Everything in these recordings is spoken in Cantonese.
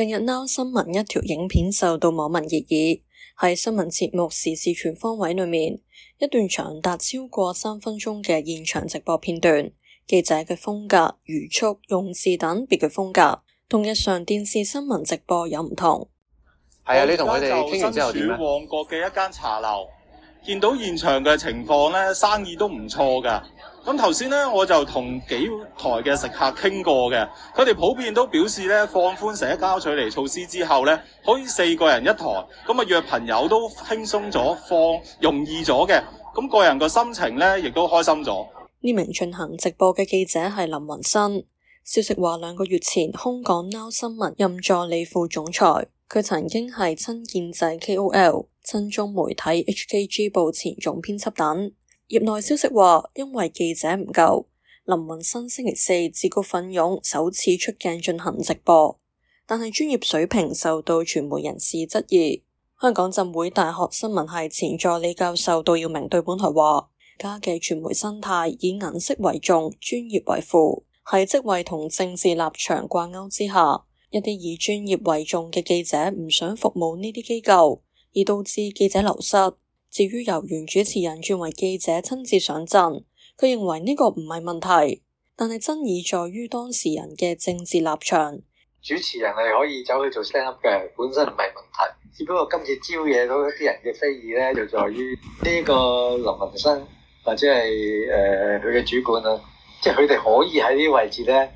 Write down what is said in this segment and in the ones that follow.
近日 Now 新聞一條影片受到網民熱議，喺新聞節目《時事全方位》裏面一段長達超過三分鐘嘅現場直播片段，記者嘅風格、語速、用字等別嘅風格，同日常電視新聞直播有唔同。係啊，你同佢哋傾完之後點啊？我而家就身處旺角嘅一間茶樓，見到現場嘅情況呢，生意都唔錯噶。咁頭先咧，我就同幾台嘅食客傾過嘅，佢哋普遍都表示咧，放寬社交距離措施之後咧，可以四個人一台，咁啊約朋友都輕鬆咗，放容易咗嘅，咁個人個心情咧，亦都開心咗。呢名進行直播嘅記者係林雲生，消息話兩個月前空降 Now 新聞任助理副總裁，佢曾經係親建制 KOL、親中媒體 HKG 報前總編輯等。業內消息話，因為記者唔夠，林文新星期四自告奮勇首次出鏡進行直播，但係專業水平受到傳媒人士質疑。香港浸會大學新聞係前助理教授杜耀明對本台話，家嘅傳媒生態以顏色為重，專業為輔，喺職位同政治立場掛鈎之下，一啲以專業為重嘅記者唔想服務呢啲機構，而導致記者流失。至於由原主持人轉為記者親自上陣，佢認為呢個唔係問題，但係爭議在於當事人嘅政治立場。主持人係可以走去做 stand up 嘅，本身唔係問題。只不過今次招惹到一啲人嘅非議咧，就在於呢個林文生或者係誒佢嘅主管啊，即係佢哋可以喺呢啲位置咧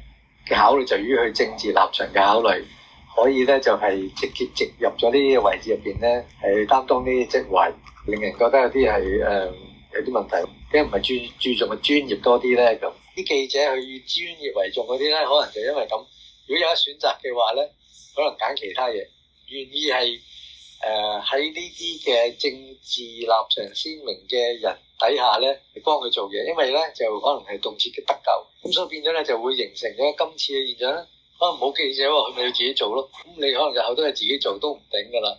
嘅考慮就於佢政治立場嘅考慮，可以咧就係直接直入咗呢啲位置入邊咧係擔當呢啲職位。令人覺得有啲係誒有啲問題，點解唔係注重注重嘅專業多啲咧？咁啲記者去以專業為重嗰啲咧，可能就因為咁，如果有得選擇嘅話咧，可能揀其他嘢，願意係誒喺呢啲嘅政治立場鮮明嘅人底下咧，幫佢做嘢，因為咧就可能係動輒嘅得咎，咁所以變咗咧就會形成咗今次嘅現象，可能冇記者喎，佢咪要自己做咯，咁你可能日後都係自己做都唔頂噶啦。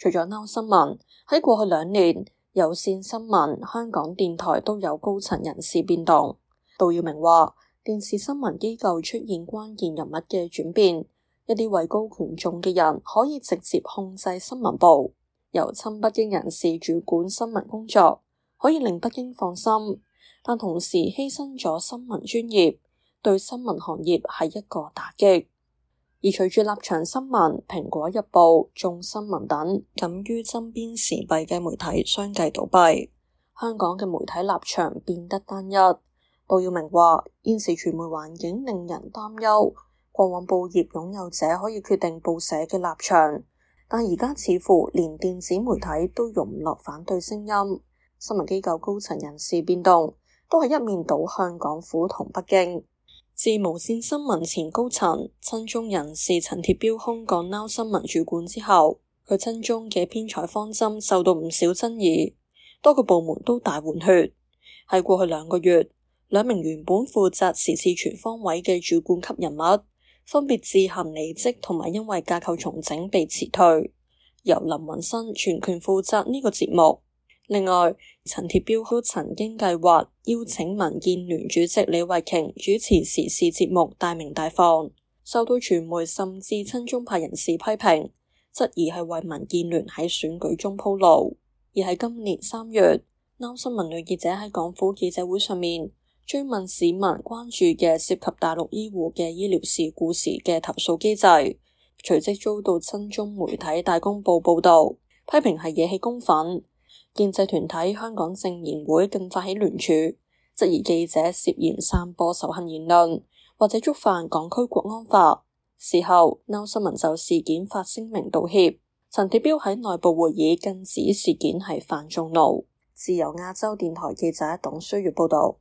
除咗 Now 新聞，喺過去兩年有線新聞、香港電台都有高層人士變動。杜耀明話：電視新聞機構出現關鍵人物嘅轉變，一啲位高權重嘅人可以直接控制新聞部，由親北京人士主管新聞工作，可以令北京放心，但同時犧牲咗新聞專業，對新聞行業係一個打擊。而隨住立場新聞、蘋果日報、眾新聞等敢於針砭時弊嘅媒體相繼倒閉，香港嘅媒體立場變得單一。杜耀明話：現時傳媒環境令人擔憂，過往報業擁有者可以決定報社嘅立場，但而家似乎連電子媒體都容唔落反對聲音。新聞機構高層人事變動，都係一面倒向港府同北京。自無綫新聞前高層親中人士陳鐵標空降 Now 新聞主管之後，佢親中嘅編採方針受到唔少爭議，多個部門都大換血。喺過去兩個月，兩名原本負責時事全方位嘅主管級人物分別自行離職，同埋因為架構重整被辭退，由林文生全權負責呢個節目。另外，陳鐵標彪都曾經計劃邀請民建聯主席李慧瓊主持時事節目《大明大放》，受到傳媒甚至親中派人士批評，質疑係為民建聯喺選舉中鋪路。而喺今年三月，Now 新聞女記者喺港府記者會上面追問市民關注嘅涉及大陸醫護嘅醫療事故時嘅投訴機制，隨即遭到親中媒體《大公報》報道，批評係惹起公憤。建制團體香港政研會更發起聯署，質疑記者涉嫌散播仇恨言論，或者觸犯港區國安法。事後，Now 新聞就事件發聲明道歉。陳鐵彪喺內部會議禁止事件係犯眾怒。自由亞洲電台記者董書月報道。